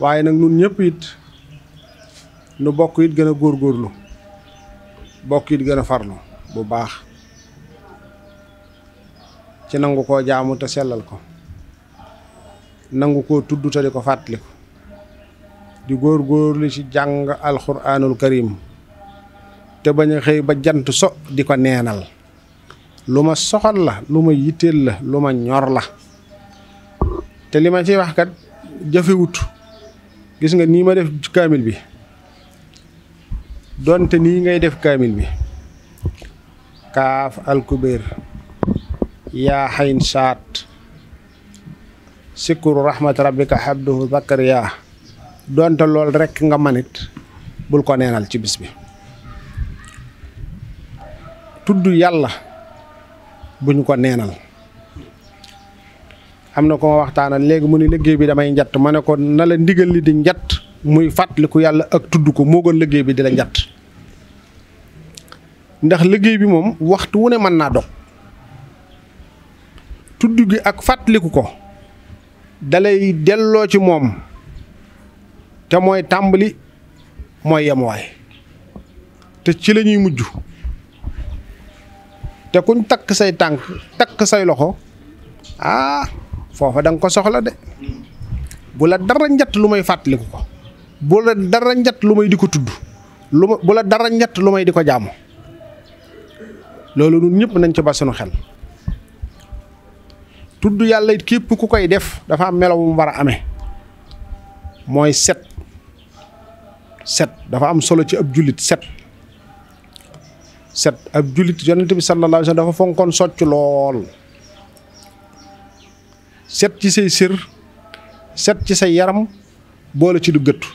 waye nangun nun ñëpp it nu bokk it gën gor góorgóorlu bokk it gëna farlu bu baax ci nangu ko jaamu te selal ko nangu te di ko fàttaliku gor góorgóorlu ci jàng karim te baña xey tusok ba jant so di neenal luma soxal la luma yitel la luma ñor la te li ma wax kat jafewut gis nga ni ma def ci bi donte ni ngay def kamil bi kaf al kubair ya hayn sat sikur rahmat rabbika xabduhu zakariya donte lol rek nga manit bul ko neenal ci bis bi tudd buñ ko neenal am na ko ma waxtaanal léegi mu ne liggéey bi damay njatt ma ne ko na la ndigal li di njatt muy fàttaliku yàlla ak tudd ko moo gën liggéey bi di la njatt ndax liggéey bi moom waxtu wu ne mën naa dog tudd gi ak fàttaliku ko dalay delloo ci moom te mooy tàmbali mooy yemuwaay te ci lañuy mujj te kuñ takk say tànk takk say loxo ah, fofa dang ko soxla de bu la dara ñatt lu may ko bu la dara ñatt lu may di tudd lu bu la dara ñatt lu may di ko ñun ñep nañ ci ba xel tudd yalla it kep ku koy def dafa am melo mu wara amé moy set set dafa am solo ci ab julit set set ab julit yonent bi sallallahu alaihi wasallam dafa fonkon soccu lol set ci say sër set ci say yaram boole ci du gëttu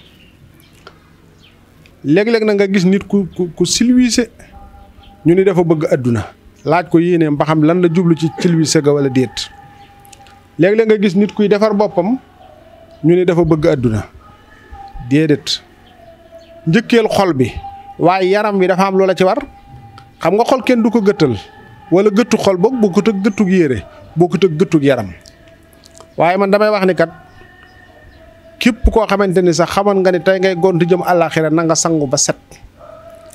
léeg-léeg na nga gis nit ku ku ku silwiise ñu ni dafa bëgg àdduna laaj ko yéene mbaxam lan la jublu ci silwiise ga wala déet léeg-léeg nga gis nit kuy defar boppam ñu ni dafa bëgg àdduna déedéet njëkkeel xol bi waaye yaram bi dafa am la ci war xam nga xol kenn du ko gëttal wala gëttu xol boog bokkut ak gëttug boo bokkut ak gëttu yaram waaye man damay wax ni kat képp koo xamante ni sax xamoon nga ni tey ngay gont jëm àllaaxira na nga sangu ba set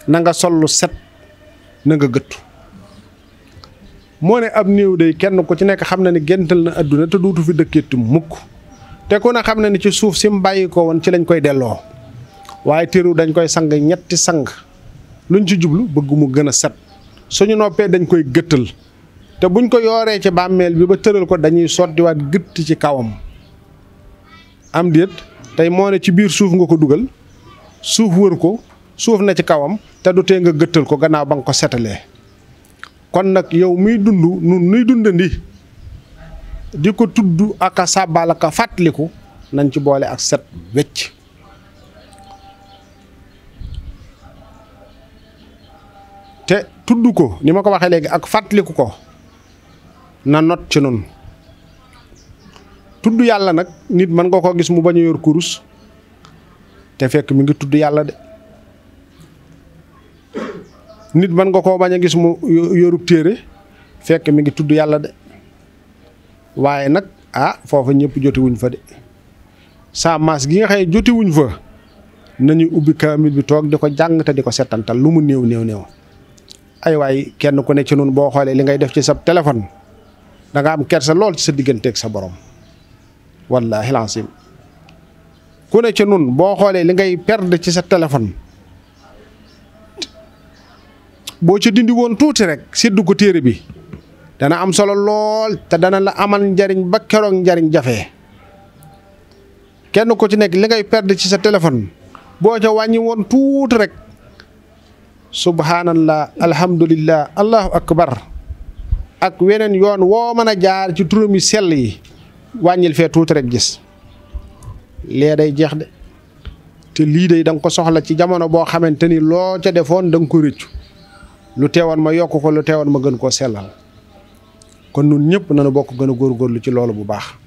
na nga sollu set na nga gëttu moo ne ab néew day kenn ku ci nekk xam na ni géntal na adduna te duutu fi dëkkeeti mukk te ku ne xam na ni ci suuf si mu bàyyi ko woon ci lañ koy delloo waaye téru dañ koy sang ñetti sang luñ ci jublu bëgg mu gën a set ñu noppee dañ koy gëttal te buñ ko yooree ci bàmmeel bi ba tëral ko dañuy sottiwaat gëtt ci kawam am déet tey moo ne ci biir suuf nga ko dugal suuf wër ko suuf na ci kawam te du tee nga gëttal ko gannaaw ba nga ko setalee kon nag yow muy dund nun nuy dundandi di ko tudd aka sàbbaal aka fàttaliku nañ ci boole ak set wecc te tudd ko ni ma ko waxee léegi ak fàttaliku ko na not ci nun tuddu yalla nak nit man nga ko gis mu yor kurus te fekk mi ngi tuddu yalla de nit man nga ko baña gis mu yoru téré fekk mi ngi tuddu yalla de waaye nak ah ñepp joti wuñ fa de sa mas gi nga joti wuñ fa nañu ubbi kamil bi tok diko jang jàng te di ko lu mu néew néew néew ay way kenn ku ne ci nun bo xoolee li ngay def ci sa téléphone da nga am kersa lol ci sa ak sa borom wallahi lancim ku ne ci nun bo xolé li ngay perdre ci sa téléphone bo ci dindi won touti rek ci duggu téré bi dana am solo lool te dana la amal njariñ ba keroog njariñ jafe kenn ko ci nek li ngay perdre ci sa téléphone bo ci wañi won rek subhanallah alhamdulillah allahu akbar ak weneen yoon woo mën a jaar ci turam yu sell yi wàññil fee tuuti rek gis lee day jeex de te lii day da nga ko soxla ci jamono boo xamante ni loo ca defoon danga ko rëccu lu teewoon ma yokk ko lu teewoon ma gën koo sellal kon nun ñëpp nañu bokk gën a góorgóorlu ci loolu bu baax